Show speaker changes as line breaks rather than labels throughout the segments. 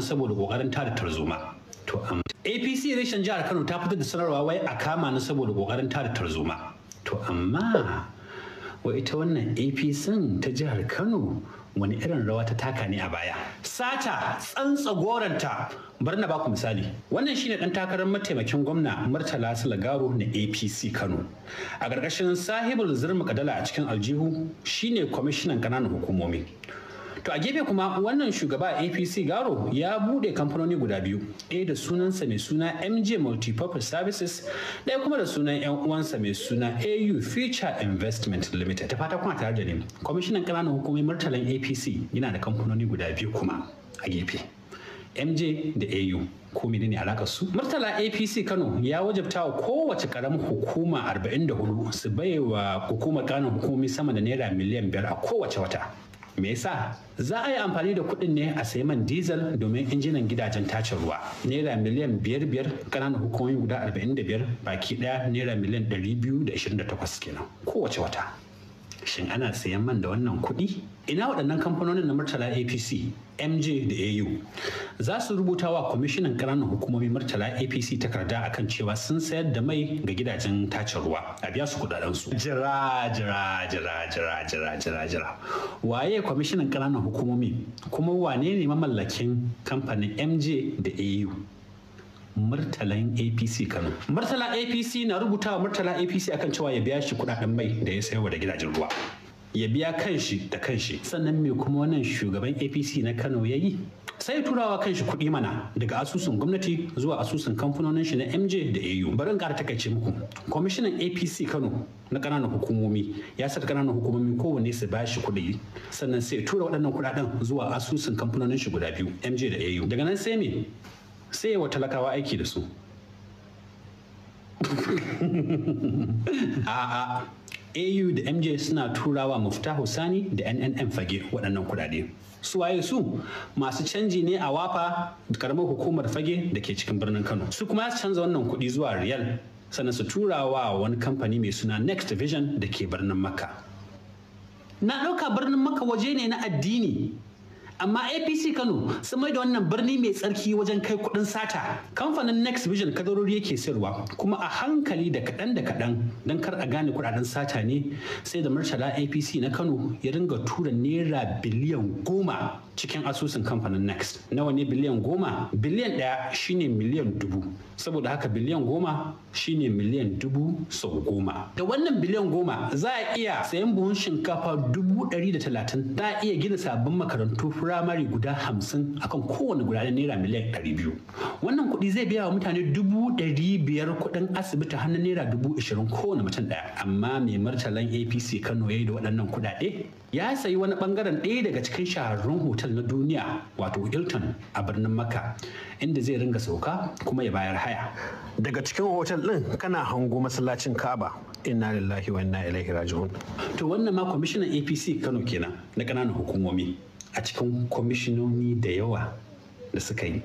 saboda kokarin tada tarzoma to APC reshen jihar Kano ta fitar da sanarwa wai a kama na saboda kokarin tada tarzoma to amma wa ita wannan APC ta jihar Kano wani irin rawa ta taka ne a baya sata tsantsa goranta bari na baku misali wannan shine dan takarar mataimakin gwamna Murtala Salagaro na APC Kano a ƙarƙashin sahibul zurmi kadala a cikin aljihu shine kwamishinan ƙananan hukumomi To a gefe kuma wannan shugaba APC Garo ya bude kamfanoni guda biyu, ɗaya da sunansa mai suna MJ Multipurpose Services, ɗaya kuma da sunan 'yan uwansa mai suna AU Future Investment Limited. Ta fata kuma tare da ni, kwamishinan ƙananan hukumomin martalan APC yana da kamfanoni guda biyu kuma a gefe. MJ da AU ko menene alakar su? Murtala APC Kano ya wajabta wa kowace karamar hukuma 44 su baiwa hukumar ƙananan hukumi sama da naira miliyan biyar a kowace wata. me yasa za a yi amfani da kuɗin ne a sayi man dizal domin injinan gidajen tace ruwa naira miliyan biyar biyar ƙananan hukumomi guda arba'in da biyar baki ɗaya naira miliyan ɗari biyu da ashirin da takwas kenan kowace wata shin ana sayan man da wannan kuɗi ina waɗannan kamfanonin na murtala apc mj da au za su rubuta wa kwamishinan ƙananan hukumomi murtala apc takarda akan cewa sun sayar da mai ga gidajen tace ruwa a biya su kudadensu jira jira jira jira jira jira jira waye kwamishinan ƙananan hukumomi kuma wane ne mamallakin kamfanin mj da au murtalan apc kano murtala apc na rubuta wa murtala apc akan cewa ya biya shi kudaden mai da ya sayarwa da gidajen ruwa ya biya kanshi da kanshi sannan me kuma wannan shugaban apc na kano ya yi sai turawa kanshi kuɗi mana daga asusun gwamnati zuwa asusun kamfanonin shi na mj da au bari in ƙara takaice muku kwamishinan apc kano na ƙananan hukumomi ya sa ƙananan hukumomi kowanne su ba shi kuɗi sannan sai tura waɗannan kuɗaɗen zuwa asusun kamfanonin shi guda biyu mj da au daga nan sai me sai ya talakawa aiki da su a'a AU da MJ suna turawa Muftahu hussani da NNM fage waɗannan kuɗaɗe. Su waye su masu canji ne a wafa da karamar hukumar fage da ke cikin birnin Kano. Su kuma ya canza wannan kuɗi zuwa riyal sannan su turawa wani kamfani mai suna Next Vision da ke birnin Makka. Na ɗauka birnin Makka waje ne na addini amma apc kano sun mai da wannan birni mai tsarki wajen kai kudin sata kamfanin next vision kadarori yake sayarwa kuma a hankali da kaɗan da kaɗan don kar a gane kudaden sata ne sai da murtala apc na kano ya ringa tura naira biliyan goma cikin asusun kamfanin next nawa ne biliyan goma biliyan ɗaya shine miliyan dubu saboda haka biliyan goma shine miliyan dubu sau goma da wannan biliyan goma za a iya sayan buhun shinkafa dubu dari da talatin za a iya gina sabbin makarantu firamare guda hamsin akan kowane guda na naira miliyan ɗari biyu wannan kuɗi zai biya wa mutane dubu ɗari biyar kuɗin asibiti har na naira dubu ashirin kowane mutum ɗaya amma mai martalan apc kano ya yi da waɗannan kuɗaɗe ya sayi wani ɓangaren ɗaya daga cikin shahararrun hoton. Hilton na duniya wato hilton a birnin makka inda zai ringa sauka kuma ya bayar haya daga cikin otal ɗin kana hango masallacin ka'aba inna lillahi wa inna ilaihi raji'un to wannan ma kwamishinan apc kano kenan na ƙananan hukumomi a cikin kwamishinoni da yawa da suka yi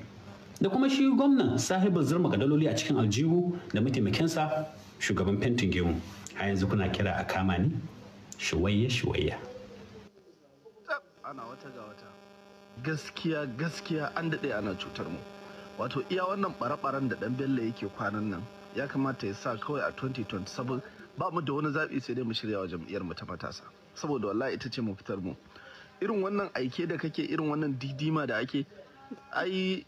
da kuma shi gwamnan sahibin zurma daloli a cikin aljihu da mataimakinsa shugaban fentin gemu a yanzu kuna kira a kama ni shuwayya shuwayya
ana wata ga wata gaskiya gaskiya an daɗe ana cutar mu wato iya wannan ɓare-ɓaren da ɗan bello yake kwanan nan ya kamata ya sa kawai a 2027 ba mu da wani zaɓi sai dai mu shirya wa jam'iyyar mu ta matasa saboda wallahi ita ce mu fitar mu irin wannan aike da kake irin wannan didima da ake ai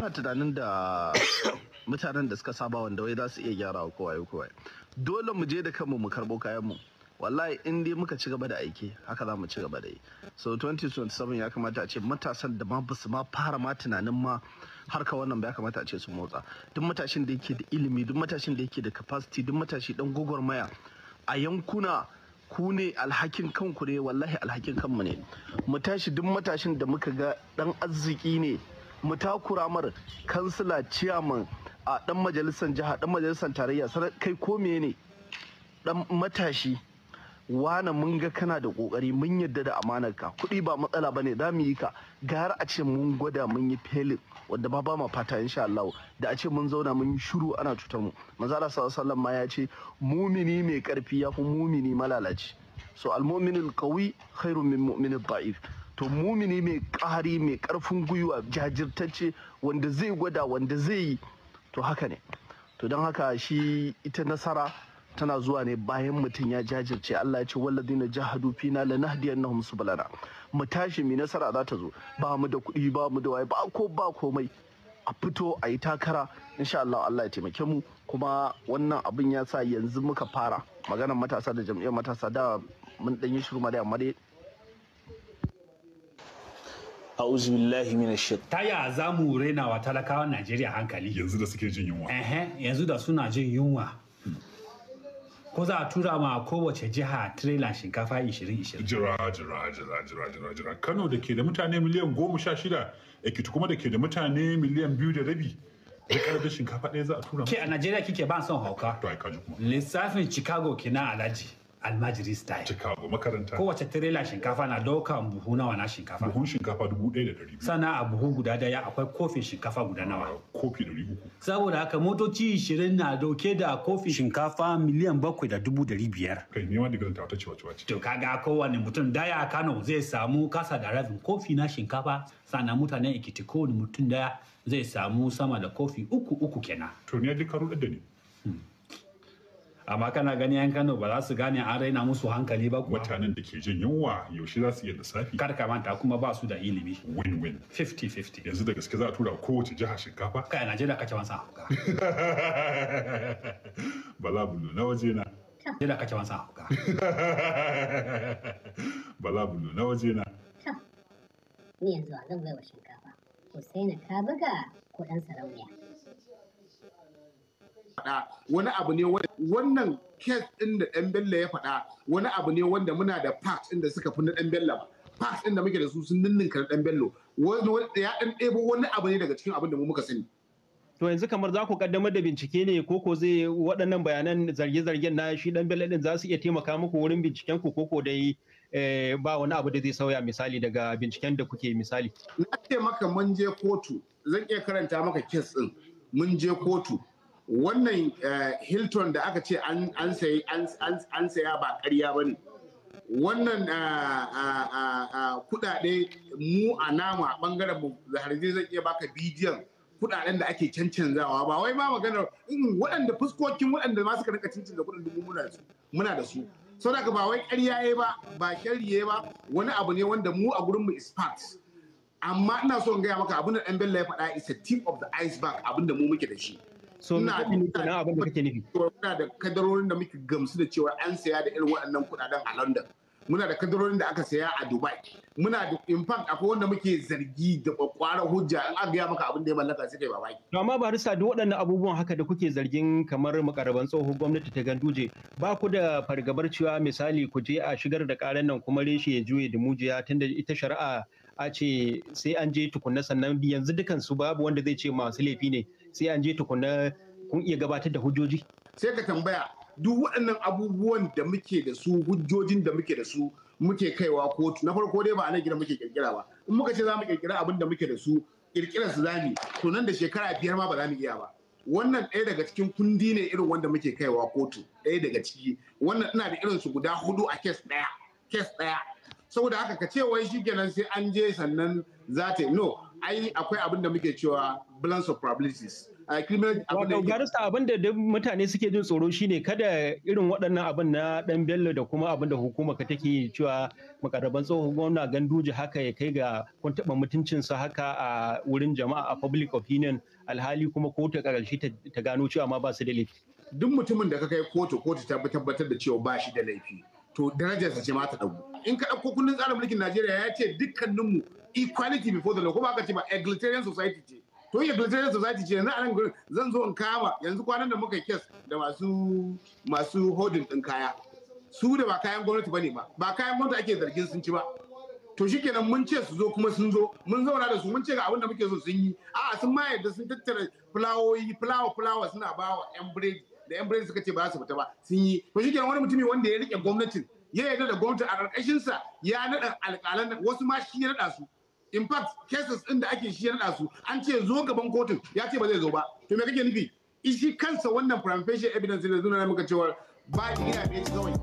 na tunanin da mutanen da suka saba wanda wai za su iya gyara wa kowa kowa dole mu je da kanmu mu karɓo kayan mu wallahi in dai muka ci gaba da aiki haka za mu ci gaba da yi so 2027 ya kamata a ce matasan da ma ba su ma fara ma tunanin ma harka wannan ya kamata a ce su motsa duk matashin da yake da ilimi duk matashin da yake da capacity duk matashi dan gwagwarmaya a yankuna ku ne alhakin kanku ne wallahi alhakin kanmu ne mu tashi duk matashin da muka ga dan arziki ne mu takura mar kansila chairman a dan majalisar jiha dan majalisar tarayya kai ko ne dan matashi Wana mun ga kana da kokari mun yadda da amanar ka kuɗi ba matsala bane za mu yi ka gara a ce mun gwada mun yi felin wadda ba ba ma fata insha Allah da a ce mun zauna mun yi shiru ana cutar mu manzo Allah sallallahu ma ya ce mumini mai karfi ya fi mumini malalaci so almu'minul qawi khairun min mu'minid da'if to mumini mai ƙari mai ƙarfin gwiwa jajirtacce wanda zai gwada wanda zai yi to haka ne to don haka shi ita nasara tana zuwa ne bayan mutum ya jajirce Allah ya ce walladina jahadu fina lanahdiyannahum subulana mu tashi mi nasara za ta zo ba mu da kuɗi ba mu da waye ba ko ba komai a fito a yi takara insha Allah Allah ya taimake mu kuma wannan abin ya sa yanzu muka fara maganar matasa da jam'iyyar matasa da mun dan yi shiru da amma dai a'udhu billahi minash ta ya
za mu rainawa talakawan Najeriya hankali yanzu da suke jin yunwa yanzu da suna jin yunwa ko za a tura ma kowace jiha trailer shinkafa 20-20. Jira, jira, jira, jira, jira, jira. Kano da ke da mutane miliyan goma sha shida, Ekiti kuma da ke da mutane miliyan biyu da rabi. Da karfin shinkafa ɗaya za a tura. ma. Ke a Najeriya kike ba son hauka. To ai kaji kuma. Lissafin Chicago kenan alaji. almajiri style chicago makaranta kowace tirela shinkafa na doka buhu nawa na shinkafa buhun shinkafa dubu ɗaya da ɗari sana a buhu guda daya akwai kofin shinkafa guda nawa ah, kofi ɗari uku saboda haka motoci ishirin na dauke da kofin shinkafa miliyan bakwai da dubu ɗari biyar kai nema digirin ta wata ciwa-ciwa to kaga kowane mutum daya a kano zai samu kasa da rabin kofi na shinkafa sannan mutanen ikiti kowane mutum daya zai samu sama da kofi uku uku kenan to ne duka ruɗar da ni amma kana gani yan Kano ba za su gane an raina musu hankali ba kuma mutanen da ke jin yunwa yaushe za su iya lissafi kar ka manta kuma ba su da ilimi win-win 50-50 yanzu da gaske za a tura kowace jiha shinkafa kai Najeriya kake wansa bala bulu na waje na Najeriya kake wansa
bala bulu na waje na
ni yanzu a zan baiwa shinkafa na ka buga
ko dan sarauniya faɗa wani abu ne wannan kes ɗin da ɗan bello ya faɗa wani abu ne wanda muna da fact ɗin da suka fi na ɗan bello ba fact ɗin da muke da su sun ninninka na ɗan bello ya ɗan ɗebo wani abu ne daga cikin abin da mu muka sani. to yanzu kamar za ku kaddamar da bincike ne ko ko zai waɗannan
bayanan zarge-zargen na shi ɗan bello ɗin za su iya taimaka muku wurin binciken ku ko ko dai eh, ba wani abu da zai sauya misali daga binciken da kuke misali. na ce maka mun je kotu
zan iya karanta maka kes ɗin mun je kotu wannan eh, hilton da aka ce an saya ba karya ba ne wannan eh, eh, kudade mu a nama a bangaren zaharje zai iya baka bidiyon kudaden da ake cancanzawa ba wai ma maganar waɗanda fuskokin waɗanda masu ka suka da kudin kuɗin muna da su sau da ba wai ƙarya ba ba ƙarye ba wani abu ne wanda mu a gurinmu is fact amma ina so in gaya maka abin da ɗan bello ya faɗa is a tip of the iceberg abin da mu muke da shi so na na abin da kake nufi muna da kadarorin da muke gamsu da cewa an saya da irin waɗannan kuɗaɗen a London muna da kadarorin da aka saya a Dubai muna da in fact akwai wanda muke zargi da kwakwara hujja an gaya maka abin da ya mallaka sai kai babaki
to amma risa duk waɗannan abubuwan haka da kuke zargin kamar makaraban tsohon gwamnati ta Ganduje ba ku da fargabar cewa misali ku je a shigar da karan nan kuma reshe ya juye da mujiya tunda ita shari'a a ce sai an je tukunna sannan yanzu dukan su babu wanda zai ce masu laifi ne sai an je tukuna kun iya gabatar da hujjoji sai
ka tambaya duk waɗannan abubuwan da muke da su hujjojin da muke da su muke kaiwa kotu na farko dai ba a nan gida muke kirkira ba in muka ce za mu kirkira abin da muke da su kirkirar su zamu to nan da shekara biyar ma ba za mu iya ba wannan ɗaya daga cikin kundi ne irin wanda muke kaiwa kotu ɗaya daga ciki wannan ina da irin su guda hudu a kes ɗaya kes ɗaya saboda haka ka ce wai shi kenan sai an je sannan za ta no ai akwai abin da muke cewa balance of probabilities garista abin da mutane suke jin
tsoro shine kada irin waɗannan abin na ɗan bello da kuma abin da hukuma ka take cewa makarraban tsohon gwamna ganduje haka ya kai ga kun taɓa mutuncinsa haka a wurin jama'a a public opinion alhali kuma kotu ƙarshe ta gano cewa ma ba su da laifi. Duk
mutumin da ka kai kotu kotu ta tabbatar da cewa ba shi da laifi. to darajarsa ce ma ta dagu in ka ɗauko kundin tsarin mulkin Najeriya ya ce dukkaninmu equality before the law kuma aka ce ba egalitarian society ce to egalitarian society ce yanzu anan zan zo in kama yanzu kwanan da muka kes da masu masu hodin ɗin kaya su da ba kayan gwamnati bane ba ba kayan gwamnati ake zargin sun ci ba to shikenan mun ce su zo kuma sun zo mun zauna da su mun ce ga abin da muke so sun yi a'a sun ma yadda sun tattara fulawoyi fulawa fulawa suna bawa yan biredi da yan birnin suka ce ba su fita ba sun yi to shi wani mutumi wanda ya rike gwamnatin ya yarda da gwamnati a ƙarƙashin sa ya naɗa alƙalan wasu ma shi ya naɗa su in fact cases ɗin da ake shi ya naɗa su an ce zo gaban kotun ya ce ba zai zo ba to me kake nufi shi kansa wannan primary evidence da zuna muka cewa ba ina ne kawai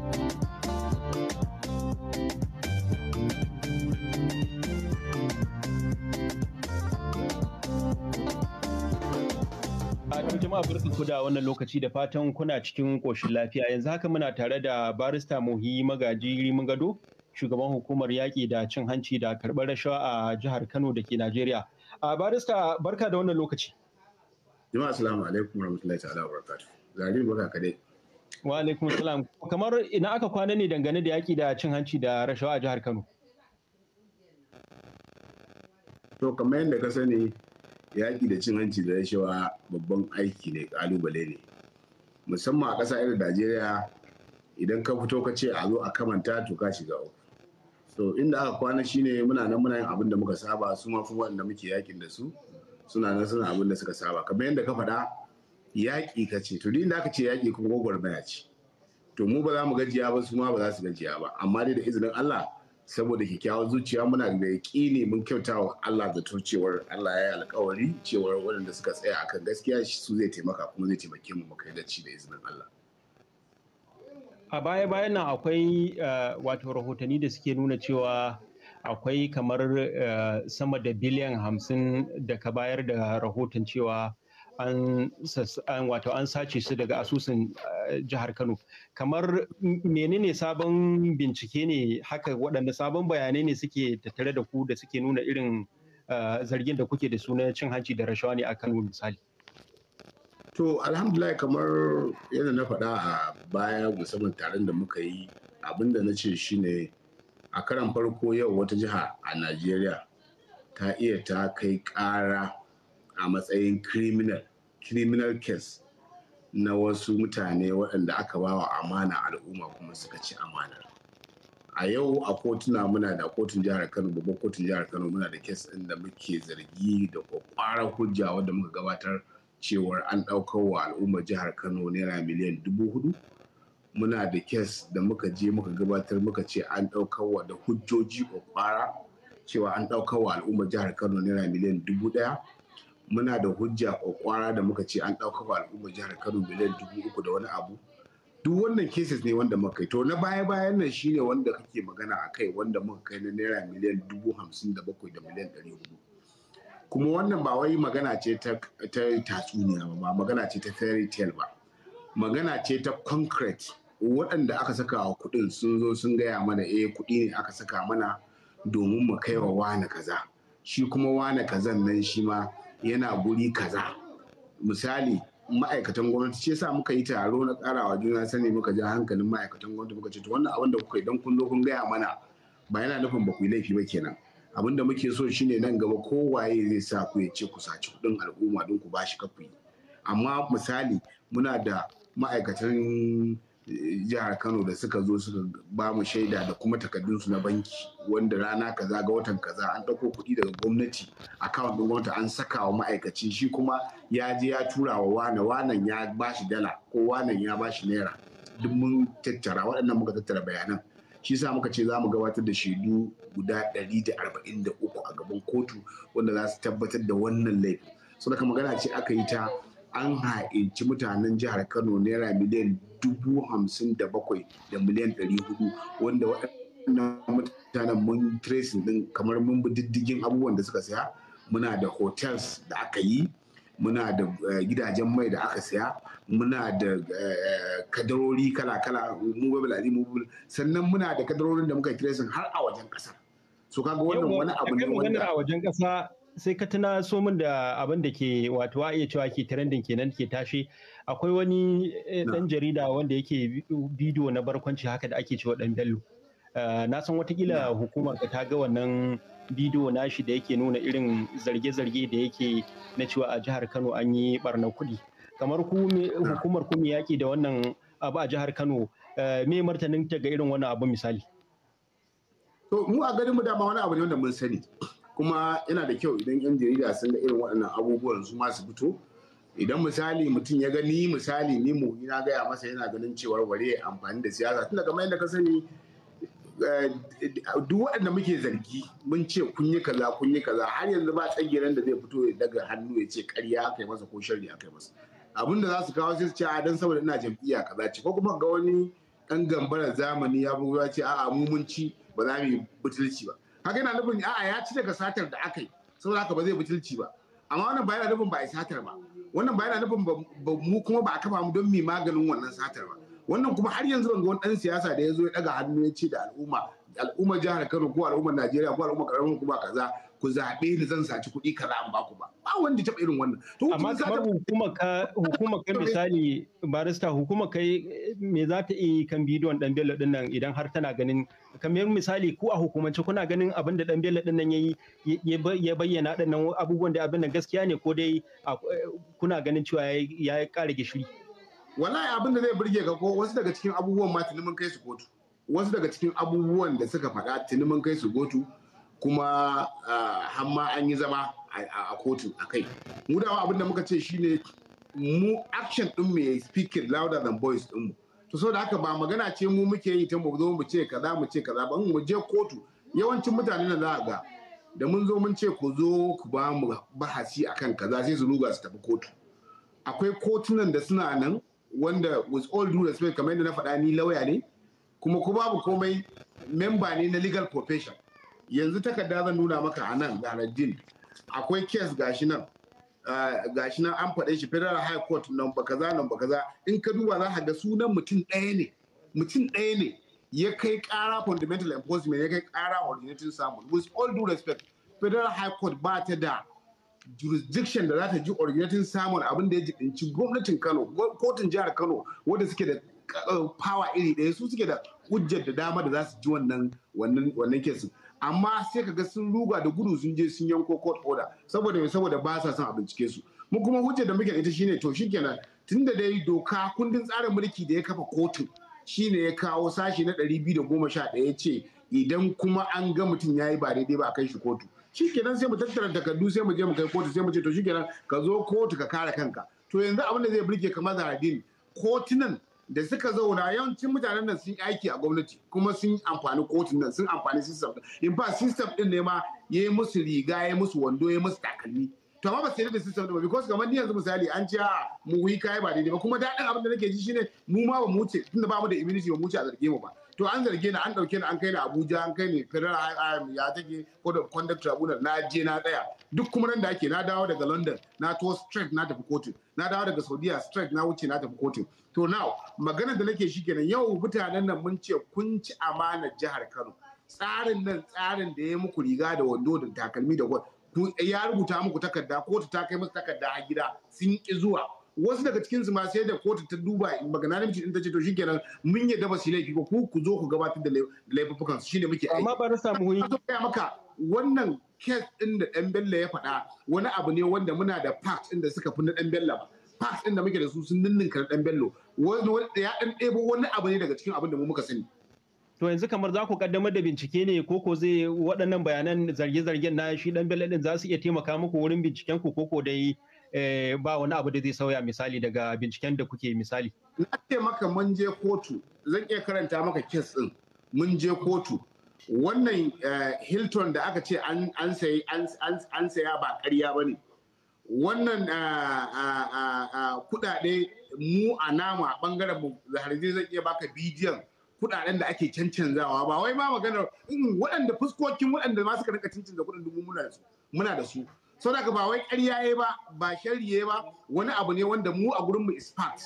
jama'a ku da wannan lokaci da fatan kuna cikin koshin lafiya yanzu haka muna tare da barista Muhi Magaji rimin gado shugaban hukumar yaƙi da cin hanci da karɓar rashawa a jihar Kano da ke Najeriya. A barista barka da wannan lokaci.
Jama'a assalamu alaikum warahmatullahi ta'ala wabarakatuh. Gari barka kadai.
Wa alaikum salam. Kamar ina aka kwana ne dangane da yaƙi da cin hanci da rashawa a jihar Kano.
To kamar yadda ka sani yaƙi da cin hanci da rashawa babban aiki ne ƙalubale ne musamman a ƙasa irin najeriya idan ka fito ka ce a zo a kamanta to ka shiga uku to inda aka kwana shi ne muna nan muna yin abin da muka saba su ma kuma wanda muke yaƙin da su suna nan suna abin da suka saba kamar yadda ka faɗa yaƙi ka ce to inda aka ce yaƙi kuma gwagwarmaya ce to mu ba za mu gajiya ba su ma ba za su gajiya ba amma dai da izinin Allah saboda kyakkyawar zuciya muna da ne mun kyauta wa Allah da cewar Allah ya yi alkawari cewar waɗanda suka tsaya akan gaskiya su zai taimaka kuma zai taimake mu mu kai da ci da izinin Allah.
A baya bayan nan akwai eh, wato rahotanni da suke nuna cewa akwai kamar eh, sama da biliyan hamsin da ka bayar da rahoton cewa an wato an sace su daga asusun eh, jihar Kano kamar menene sabon bincike ne haka waɗanda sabon bayanai ne suke tattare da ku da suke nuna irin eh, zargin da kuke da su na cin hanci da rashawa ne a Kano misali
to alhamdulillah kamar yadda na faɗa a baya musamman taron da muka yi abinda na ce shine a karan farko yau wata jiha a Najeriya ta iya ta kai ƙara a matsayin criminal criminal case na wasu mutane waɗanda aka ba wa amana al'umma kuma suka ci amana a yau a kotuna muna da kotun jihar kano babban kotun jihar kano muna da case ɗin da muke zargi da kwakwaran hujja wadda muka gabatar cewar an ɗaukar wa al'umma jihar kano naira miliyan dubu hudu muna da case da muka je muka gabatar muka ce an ɗaukar wa da hujjoji kwakwara cewa an ɗaukar wa al'umma jihar kano naira miliyan dubu ɗaya muna da hujja kwakwara da muka ce an ɗaukaka al'ummar jihar kano miliyan dubu uku da wani abu duk wannan cases ne wanda muka kai to na baya bayan nan shine wanda kake magana a kai wanda muka kai na naira miliyan dubu hamsin da bakwai da miliyan ɗari hudu kuma wannan ba wai magana ce ta tatsuniya ba magana ce ta fairy tale ba magana ce ta concrete waɗanda aka saka wa kuɗin sun zo sun gaya mana eh kuɗi ne aka saka mana domin mu kai wa wane kaza shi kuma wane kazan nan shi ma yana guri kaza misali ma'aikatan gwamnati ce sa muka yi taro na karawa juna sani muka ja hankalin ma'aikatan gwamnati muka ce to wannan abin da kuka yi don kun zo kun gaya mana ba yana nufin ba ku yi laifi ba kenan abin da muke so shine nan gaba kowaye zai sa ku ya ce ku saci kuɗin al'umma don ku bashi kafi. amma misali muna da ma'aikatan jihar kano da suka zo suka ba mu shaida da kuma takardunsu na banki wanda rana kaza ga watan kaza an ɗauko kuɗi daga gwamnati akawun ɗin gwamnati an saka wa ma'aikaci shi kuma ya je ya tura wa wane wanan ya ba shi dala ko wanan ya ba shi naira duk mun tattara waɗannan muka tattara bayanan shi sa muka ce za mu gabatar da shaidu guda ɗari da da arba'in uku a gaban kotu wanda za su tabbatar da wannan laifin so magana ce aka yi ta an ha'inci mutanen jihar kano naira miliyan dubu hamsin da bakwai da miliyan ɗari hudu wanda waɗannan mutanen mun tracing din kamar mun bi diddigin abubuwan da suka saya muna da hotels da aka yi muna da eh, gidajen mai da aka saya muna da eh, kadarori kala-kala mobile ali mu sannan muna da kadarorin da muka yi tracing har a wajen ƙasa so kaga
wannan wani abu ne wanda a
wajen ƙasa sai ka tuna so min da
abin da ke wato a iya cewa ke trending kenan ke tashi akwai wani dan eh, jarida wanda yake bidiyo na barkwanci haka da ake cewa dan bello eh, na san watakila hukumar ta ga wannan bidiyo nashi da yake nuna irin zarge-zarge da yake na cewa a jihar kano an yi barnar kuɗi kamar hukumar kuma yaƙi da wannan abu a jihar kano eh, me martanin ta ga irin wannan abu misali
to mu a garin mu dama wani abu ne wanda mun sani kuma yana da kyau idan yan jarida sun ga irin waɗannan abubuwan su ma su fito idan misali mutum ya gani misali ni mu na gaya masa yana ganin cewar ware amfani da siyasa tun daga mai da ka sani eh, duk waɗanda muke zargi mun ce kun yi kaza kun yi kaza har yanzu ba tsagiran da zai fito ya daga hannu ya ce karya aka yi masa ko sharri aka yi masa abin da za su kawo sai su ce a dan saboda ina jam'iyya kaza ce ko kuma ga wani dan gambarar zamani ya bugu ya ce a'a mu mun ci ba za mu yi butulci ba haka yana nufin a'a ya ci daga satar da aka yi saboda haka ba zai butulci ba amma wannan ba yana nufin ba a satar ba wannan ba yana nufin mu kuma ba a kafa mu don mi maganin wannan satar ba wannan kuma har yanzu ban ga wani dan siyasa da ya zo ya daga hannu ya ce da al'umma al'ummar jihar Kano ko al'ummar Najeriya ko al'ummar karamin kuma kaza ku zaɓe ni zan saci kuɗi kaza an baku ba ba wanda taɓa irin wannan to amma kamar hukuma ka hukuma ka
misali barista hukuma kai me za ta yi kan bidiyon dan bello din nan idan har tana ganin kamar misali ku a hukumance kuna ganin abin da dan bello din nan yayi ya bayyana din nan abubuwan da abin nan gaskiya
ne ko dai kuna ganin cewa ya ƙara gishiri wallahi abin da zai burge ka ko wasu daga cikin abubuwan ma tuni mun kai su kotu wasu daga cikin abubuwan da suka faɗa tuni mun kai su kotu kuma hamma an yi zama a kotu a kai mu dama abin da muka ce shine mu action din mai speaking louder than voice din mu to da haka ba magana ce mu muke yi ta mu zo mu ce kaza mu ce kaza ba mu je kotu yawancin mutane na za ga da mun zo mun ce ku zo ku ba mu bahasi akan kaza sai su ruga su tafi kotu akwai kotunan da suna nan wanda with all due respect kamar yadda na faɗa ni lauya ne kuma ku babu komai memba ne na legal profession yanzu takarda zan nuna maka a nan akwai kes gashi nan ah, gashi nan an faɗe shi federal high court nan ba kaza nan ba kaza in ka duba za ka ga sunan mutum ɗaya ne mutum ɗaya ne ya kai ƙara fundamental enforcement ya kai ƙara originating samun with all due respect federal high court ba ta da jurisdiction da za ta ji originating samun abin da ya jibinci gwamnatin kano kotun jihar kano wanda suke da eh, power iri ɗaya su suke da hujjar da dama da za su ji wannan wannan kesin amma sai kaga sun ruga da gudu sun je sun yanko court order saboda me saboda ba sa son a bincike su mu kuma hujjar da muke ita shine to shikenan tunda dai doka kundin tsarin mulki da ya kafa kotu shine ya kawo sashi na 211 ya ce idan kuma an ga mutum ya yi ba daidai ba a kai shi kotu shikenan sai mu tattara takardu sai mu je mu kai kotu sai mu ce to shikenan ka zo kotu ka kare kanka to yanzu abin da zai burge kamar zaradin kotunan da suka zauna yawancin mutanen nan sun yi aiki a gwamnati kuma sun amfani kotun nan sun amfani system in ba system din ne ma ya yi musu riga ya yi musu wando ya yi musu takalmi to amma ba su da system din ba because kamar ni yanzu misali an ce a ah, mu yi kai ba daidai ba kuma daɗin abin da nake ji shine mu ma ba mu wuce tunda ba mu da immunity ba mu wuce a zarge mu ba to an zarge ni an dauke ni an kai ni Abuja an kai ni Federal High ya take Code of Conduct Tribunal na je na daya duk kuma ran da ake na dawo daga London na to straight na tafi kotu na dawo daga Saudiya straight na wuce na tafi kotu to now magana da nake shi kenan yau mutanen nan mun ce kun ci amana jihar Kano tsarin nan tsarin da ya muku riga da wando da takalmi da ya rubuta muku takarda kotu ta kai musu takarda a gida sun ki zuwa wasu daga cikin su ma sai da kotu ta duba magana namiji din ta ce to shikenan mun yi ba su laifi ba ku ku zo ku gabatar da laifukan su shine muke aiki amma ba na samu huni ka maka wannan kes din da dan bella ya faɗa wani abu ne wanda muna da part din da suka fi na dan bella ba part din da muke da su sun ninninka na dan bello wani ya dan ɗebo wani abu ne daga cikin abin da mu muka sani to yanzu kamar za ku kaddamar da bincike ne ko
ko zai waɗannan bayanan zarge-zargen na shi dan bello din za su iya taimaka muku wurin binciken ku ko ko dai Eh, ba wani abu da zai sauya misali daga binciken da kuke misali. Na
ce maka mun je kotu zan iya karanta maka kes ɗin mun je kotu wannan eh, Hilton da aka ce an saya ba karya ba ne. Wannan eh, kuɗaɗe mu a nama ɓangaren mu zaharje zan iya baka bidiyon kudaden da ake cancanzawa ba wai ma maganar mm, waɗanda fuskokin waɗanda ma suka rinka cancanza kuɗin dubu muna da su so ba wai ƙarya ba ba ya ba wani abu ne wanda mu a gurin mu is part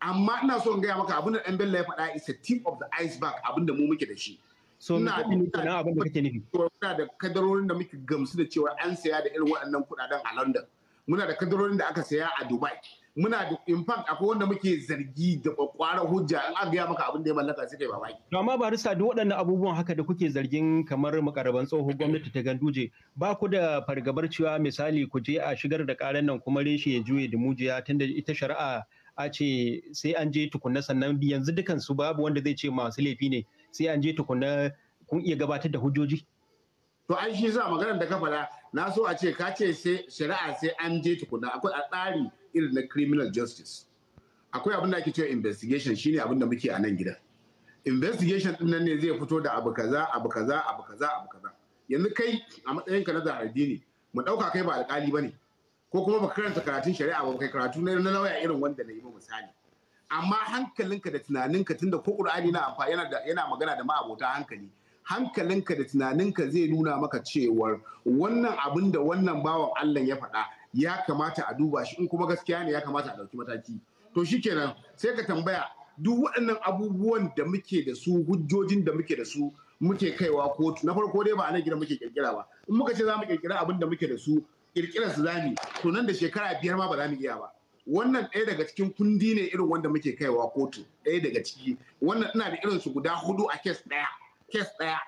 amma ina so in gaya maka abin da ɗan Bello ya fada is a tip of the iceberg abin da mu muke da shi so na da kake nufi muna da kadarorin da muke gamsu da cewa an saya da irin waɗannan kuɗaɗen a London muna da kadarorin da aka saya a Dubai muna da in fact akwai wanda muke zargi da kwakwara hujja in an gaya maka abin da ya mallaka sai kai babaki.
to amma barista duk waɗannan abubuwan haka da kuke zargin kamar makaraban tsoho gwamnati ta ganduje ba ku da fargabar cewa misali ku je a shigar da karan nan kuma reshe ya juye da mujiya tunda ita shari'a a ce sai an je tukunna sannan yanzu dukan su babu wanda zai ce masu laifi ne sai an je tukunna kun iya gabatar da
hujjoji to ai shi za maganar da ka faɗa na so a ce ka ce sai shari'a sai an je tukunna akwai a tsari irin na criminal justice akwai abin da ake cewa investigation shine abin da muke a nan gidan investigation din nan ne zai fito da abu kaza abu kaza abu kaza abu kaza yanzu kai a matsayinka na ne mu dauka kai ba alkali bane ko kuma baka karanta karatun shari'a ba kai karatu na lawaya irin wanda na yi ba misali amma hankalinka da tunaninka tunda ko qur'ani na amfani yana da yana magana da ma'abota hankali hankalinka da tunaninka zai nuna maka cewar wannan abin da wannan bawan Allah ya faɗa ya kamata a duba shi in kuma gaskiya ne ya kamata a ɗauki mataki to shikenan sai ka tambaya duk waɗannan abubuwan da muke da su hujjojin da muke da su muke kaiwa kotu na farko dai ba a nan gidan muke kirkira ba in muka ce za mu kirkira abin da muke da su kirkira su zami to nan da shekara biyar ma ba za mu iya ba wannan ɗaya daga cikin kundi ne irin wanda muke kaiwa kotu ɗaya daga ciki wannan ina da irin su guda hudu a kes ɗaya kes ɗaya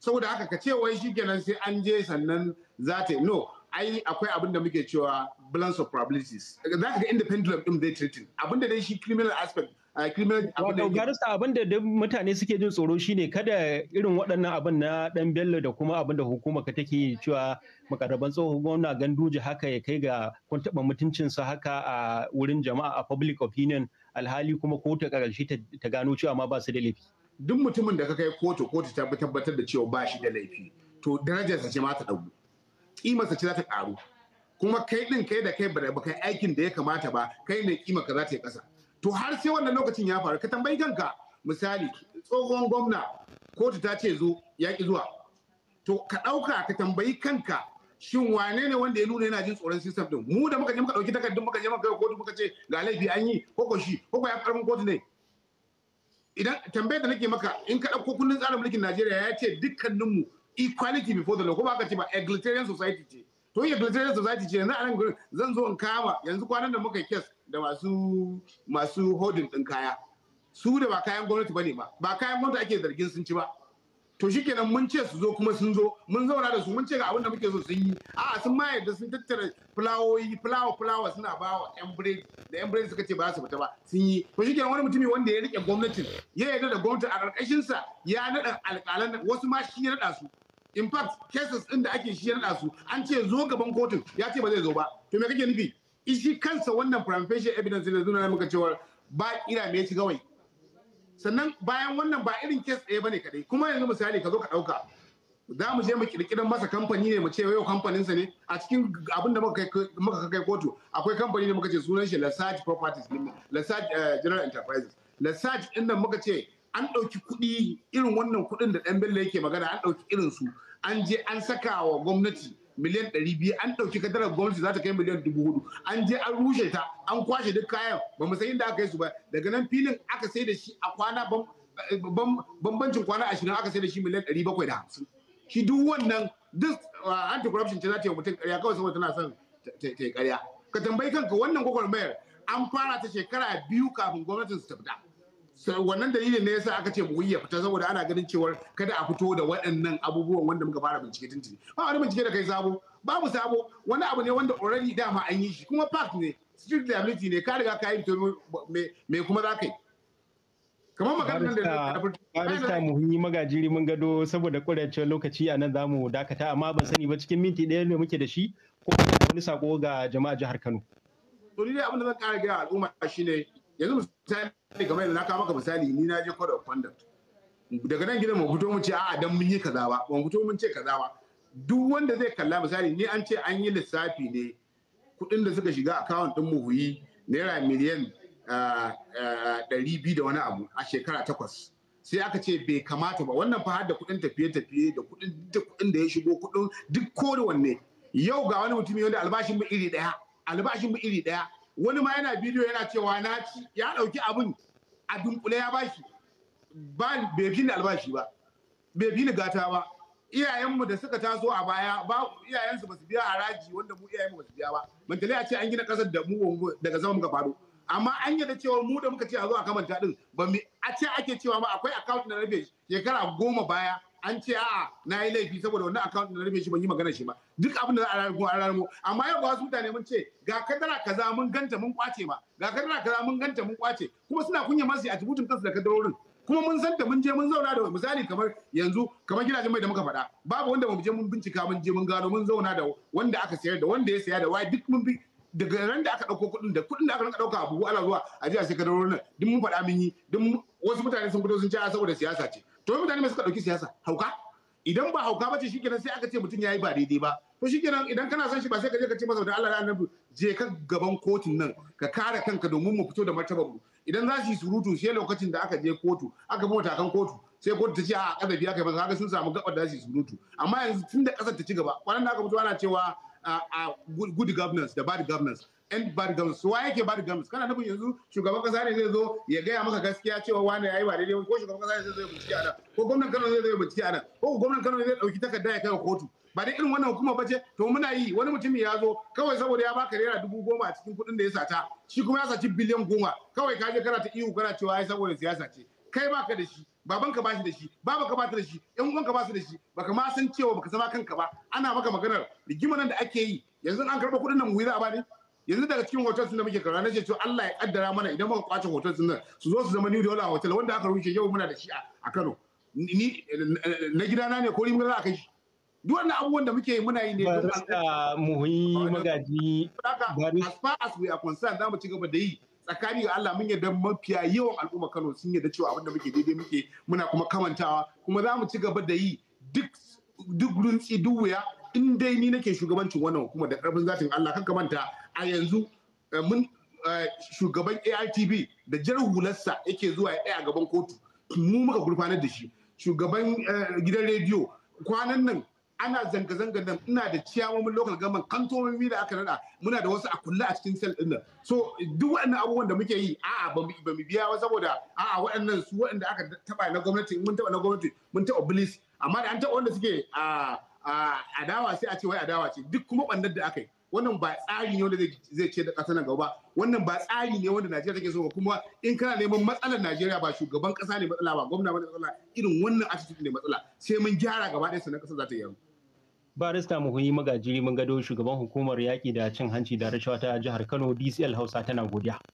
saboda haka ka ce wai shi kenan sai an je sannan za ta no ai akwai abin da muke cewa balance of probabilities za ka ga independent din zai treating abin da dai shi criminal aspect
garista abin da mutane suke jin tsoro shine kada irin waɗannan abin na ɗan bello da kuma abin da hukuma ka take cewa makarraban tsohon gwamna ganduje haka ya kai ga kun taɓa mutuncinsa haka a wurin jama'a a public opinion alhali kuma kotu ƙarshe
ta gano cewa ma ba su da laifi. Duk mutumin da ka kai kotu kotu ta tabbatar da cewa ba shi da laifi to darajarsa ce ma ta ɗagu. kimarsa ce za ta karu kuma kai din kai da kai ba kai aikin da ya kamata ba kai ne kima ka za ta yi kasa to har sai wannan lokacin ya faru ka tambayi kanka misali tsohon gwamna kotu ta ce zo ya ki zuwa to ka ɗauka ka tambayi kanka shin wane ne wanda ya nuna yana jin tsoron system din mu da muka je muka ɗauki takardun muka je muka kai kotu muka ce ga laifi an yi koko shi koko ya karbin kotu ne idan tambayar da nake maka in ka ɗauko kundin tsarin mulkin Najeriya ya ce dukkaninmu equality before the law kuma ba ce ba egalitarian society ce to egalitarian society ce yanzu a nan gurin zan zo in kama yanzu kwanan da muka kes da masu masu holding din kaya su da ba kayan gwamnati bane ba ba kayan gwamnati ake zargin sun ci ba to shikenan mun ce su zo kuma sun zo mun zauna da su mun ce ga abin da muke so sun yi a'a sun ma yadda sun tattara fulawoyi fulawa fulawa suna ba wa yan bread da yan bread suka ce ba su fita ba sun yi to shikenan wani mutumi wanda ya rike gwamnatin ya yarda da gwamnati a karkashin sa ya nada alƙalan wasu ma shi ya nada su in fact cases din da ake shi yana su an ce zo gaban kotun ya ce ba zai zo ba to me kake nufi Ishi kansa wannan prime evidence ne zuna muka cewa ba ira me ya ci gawai sannan bayan wannan ba irin case ɗaya bane kadai kuma yanzu misali ka zo ka ɗauka za mu je mu kirkiran masa kamfani ne mu ce yau kamfaninsa ne a cikin abin da muka kai kotu akwai kamfani ne muka ce sunan shi Lasage Properties Lasage eh, General Enterprises Lasage inda da muka ce an ɗauki kuɗi irin wannan kuɗin da ɗan bello yake magana an ɗauki irin su an je an saka wa gwamnati miliyan ɗari biyu an ɗauki kadarar gwamnati za ta kai miliyan dubu hudu an je an rushe ta an kwashe duk kayan ba mu san inda aka yi su ba daga nan filin aka sai da shi a kwana eh, bambancin kwana ashirin aka sai da shi miliyan ɗari bakwai da hamsin shi duk wannan duk ah, anti corruption ce za ta yi mutum ƙarya kawai saboda tana son ta yi ƙarya ka tambayi kanka wannan gwagwarmayar an fara ta shekara biyu kafin gwamnatin su ta fita wannan dalilin ne yasa aka ce mu ya fita saboda ana ganin cewar kada a fito da waɗannan abubuwan wanda muka fara bincike tuntuni ba wani bincike da kai sabo babu sabo wani abu ne wanda already dama an yi shi kuma park ne street liability ne ka riga ka yi fito me kuma za ka yi kamar maganar da barista
muhimmi magajiri mun gado saboda ƙurancin lokaci a nan zamu dakata amma ban sani ba cikin minti ɗaya ne muke da shi ko wani sako ga jama'a
jihar Kano. To ni dai abin da zan ƙara gaya al'umma shine yanzu misali kamar na kawo maka misali ni na je code of conduct daga nan gidan mu fito mu ce a'a dan mun yi kaza ba mu fito mun ce kaza ba duk wanda zai kalla misali ni an ce an yi lissafi ne kuɗin da suka shiga akawun ɗin huyi naira miliyan ah, ah, ɗari biyu da wani abu a shekara takwas sai aka ce bai kamata ba wannan fa har da kuɗin tafiye-tafiye da kuɗin da kudin da ya shigo kuɗin duk kowanne yau ga wani mutumi wanda albashin mu iri ɗaya albashin mu iri daya wani ma yana bidiyo yana cewa na ci ya ɗauki abun a dunkule ya bashi ba bai fi albashi ba bai fi gata ba iyayenmu da suka taso a baya ba iyayensu ba su biya haraji wanda mu iyayenmu ba su biya ba mantale a ce an gina kasar da mu daga zama muka faru. amma an yadda cewa mu da muka ce a zo a kamanta din ba mu a ce ake cewa ma akwai account na rabe shekara goma baya an ce a'a na yi laifi saboda wannan account na rufe shi ban yi magana shi ba duk abin da za a rarrabu a rarrabu amma yau wasu mutane mun ce ga kadara kaza mun ganta mun kwace ma ga kadara kaza mun ganta mun kwace kuma suna kunya masu a tubutun kansu da kadarorin kuma mun san da mun je mun zauna da misali kamar yanzu kamar gidajen mai da muka faɗa babu wanda mu je mun bincika mun je mun gano mun zauna da wanda aka sayar da wanda ya saya da wai duk mun bi daga ran da aka ɗauko kuɗin da kuɗin da aka rinka ɗauka a buhu ana zuwa a jiya sai kadarorin nan duk mun faɗa mun yi duk wasu mutane sun fito sun ci saboda siyasa ce to mutane mai suka dauki siyasa hauka idan ba hauka ba bace shikenan sai aka ce mutum ya yi ba daidai ba to shikenan idan kana son shi ba sai ka je ka ce masa da Allah da Annabi je ka gaban kotun nan ka kare kanka domin mu fito da martabar mu idan za su yi surutu sai lokacin da aka je kotu aka bi matakan kotu sai kotu ta ce a kadabi aka yi masa haka sun samu gabar da su surutu amma yanzu tun da kasar ta ci gaba kwanan da aka mutu ana cewa a good governance da bad governance 'yan Bargams, wa yake bargams kana nufin yanzu shugaban kasa ne zai zo ya gaya maka gaskiya cewa wani yi ba daidai ko shugaban kasa ne zai zo ya bincike nan, ko gwamnan Kano zai zo ya bincike nan, ko gwamnan Kano zai dauki takarda ya kai kotu ba dai irin wannan hukuma bace to muna yi wani mutumi ya zo kawai saboda ya baka rera dubu goma a cikin kuɗin da ya sata shi kuma ya saci biliyan goma kawai ka je kana ta ihu kana cewa ai saboda siyasa ce kai baka da shi babanka ba shi da shi babanka ba ta da shi yan uwanka ba su da shi baka ma san cewa baka zama kanka ba ana maka maganar rigima nan da ake yi yanzu an karɓa kuɗin nan yi za a bani yanzu daga cikin hotel sun da muke karatu nace to Allah ya kaddara mana idan muka kwace hotel sun su zo su zama New Dollar Hotel wanda aka rushe yau muna da shi a Kano ni na na ne ko rimin za a kai shi duk wannan abubuwan da muke muna yi ne don muhimmi magaji as far as we are concerned za mu ci gaba da yi tsakani ga Allah mun yadda mafiya yawan al'umma Kano sun yadda cewa abin da muke daidai muke muna kuma kamantawa kuma za mu ci gaba da yi duk duk runtsi duk wuya in dai ni nake shugabancin wannan hukumar da karfin zatin Allah kan kamanta a yanzu eh, mun eh, shugaban AITB da jar hularsa yake zuwa ya ɗaya gaban kotu mu muka gurfanar da shi shugaban eh, gidan rediyo kwanan nan ana zanga-zanga nan ina da ciyawomin local government kantomomi da aka nada muna da wasu a kulle a cikin cell din nan so duk waɗannan abubuwan da muke yi a'a ba mu biya ba saboda a'a waɗannan su waɗanda aka taba na gwamnati mun taba na gwamnati mun taba bilis amma da an taba wanda suke a ah, adawa sai a ce wai adawa ce duk kuma bannar da aka yi wannan ba tsari ne wanda zai ce da ƙasa nan gaba wannan ba tsari ne wanda Najeriya take so kuma in kana neman matsalar Najeriya ba shugaban ƙasa ne matsala ba gwamna ba matsala irin wannan attitude ne matsala sai mun gyara gaba ɗaya sannan ƙasa za ta yi.
barista muhuyi magajiri mun gado shugaban hukumar yaƙi da cin hanci da rashawa ta jihar Kano DCL Hausa tana godiya